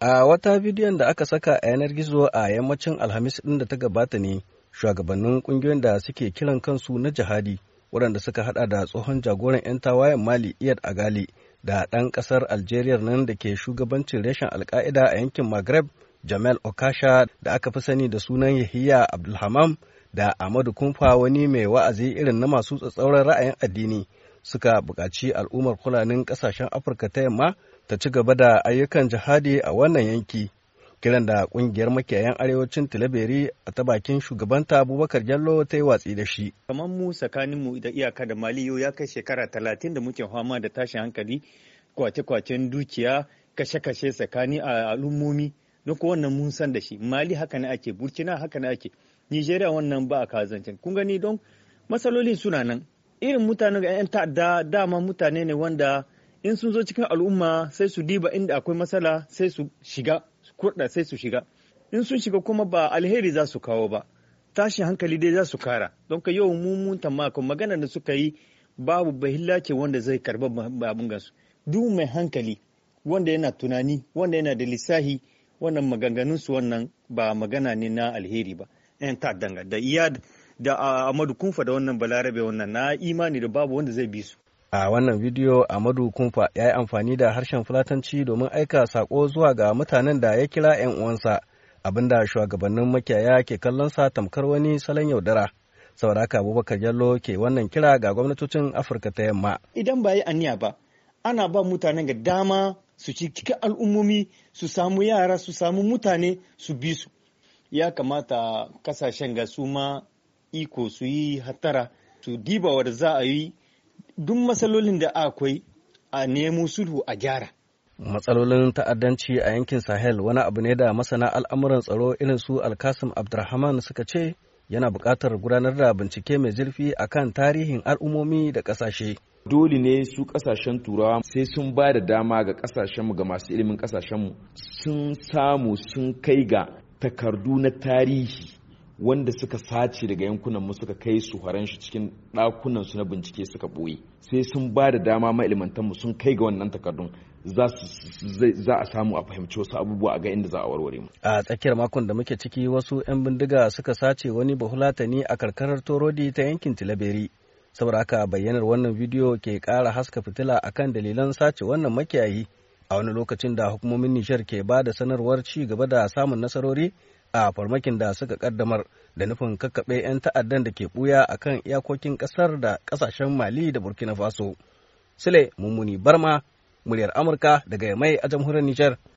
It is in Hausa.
A wata bidiyon da aka saka a yanar gizo a yammacin Alhamis ɗin da ta gabata ne shugabannin ƙungiyoyin da suke kiran kansu na jihadi waɗanda suka haɗa da tsohon jagoran 'yan tawayen Mali Iyad Agali da ɗan ƙasar Algeria nan da ke shugabancin reshen Alka'ida a yankin Maghreb Jamal Okasha da aka fi sani da sunan Yahiya Abdulhamam da Ahmadu Kumfa wani mai wa'azi irin na masu tsatsauran ra'ayin addini suka buƙaci al'ummar fulanin ƙasashen afirka ta yamma ta ci gaba da ayyukan jihadi a wannan yanki kiran da ƙungiyar makiyayan arewacin tilaberi a ta bakin shugabanta abubakar jallo ta yi watsi da shi kamar mu tsakanin mu da iyaka da maliyo ya kai shekara talatin da muke fama da tashin hankali kwace-kwacen dukiya kashe-kashe tsakani a al'ummomi duk wannan mun san da shi mali haka ne ake burkina haka ne ake nigeria wannan ba a kazancin kun gani don matsaloli suna nan irin mutane ga 'yan ta'adda dama mutane ne wanda in sun zo cikin al'umma sai su diba inda akwai matsala sai su shiga kurda sai su shiga in sun shiga kuma ba alheri za su kawo ba tashin hankali dai za su kara don ka yau mun tamakon magana da suka yi babu bahilla ce wanda zai karba babun gasu duk mai hankali wanda yana tunani wanda yana da lissahi wannan maganganun su wannan ba magana ne na alheri ba yan ta'addan da iyad da Amadu Kumfa da wannan Balarabe wannan na imani da babu wanda zai bi su. A wannan bidiyo Amadu Kumfa ya yi amfani da harshen Fulatanci domin aika sako zuwa ga mutanen da ya kira 'yan uwansa abinda shugabannin makiyaya ke kallon sa tamkar wani salon yaudara. Sauraka Abubakar Jallo ke wannan kira ga gwamnatocin Afirka ta Yamma. Idan ba yi aniya ba, ana ba mutanen ga dama su cikin al'ummomi su samu yara su samu mutane su bi su. Ya kamata kasashen ga su ma iko su yi hattara su diba wadda za a yi duk matsalolin da akwai a nemo sulhu a gyara. Matsalolin ta'addanci a yankin Sahel wani abu ne da masana al'amuran tsaro irin su Alkasim Abdurrahman suka ce yana buƙatar gudanar da bincike mai zurfi a kan tarihin al'ummomi da ƙasashe. dole ne su ƙasashen turawa sai sun ba da dama ga ƙasashenmu ga masu ilimin ƙasashenmu. sun samu sun kai ga takardu na tarihi wanda suka sace daga yankunan mu suka kai su haran shi cikin ɗakunan su na bincike suka ɓoye sai sun ba da dama mailimantan mu sun kai ga wannan takardun za a samu a fahimci wasu abubuwa a ga inda za a warware mu. A tsakiyar makon da muke ciki wasu 'yan bindiga suka sace wani bahulatani a karkarar Torodi ta yankin Tilaberi. Saboda haka bayyanar wannan bidiyo ke ƙara haska fitila akan dalilan sace wannan makiyayi a wani lokacin da hukumomin Nijar ke ba da sanarwar ci gaba da samun nasarori a farmakin da suka kaddamar da nufin kakkaɓe 'yan ta'addan da ke ɓuya a kan iyakokin ƙasar da ƙasashen mali da burkina faso sule mummuni barma muryar amurka daga mai a jamhuriyar nijar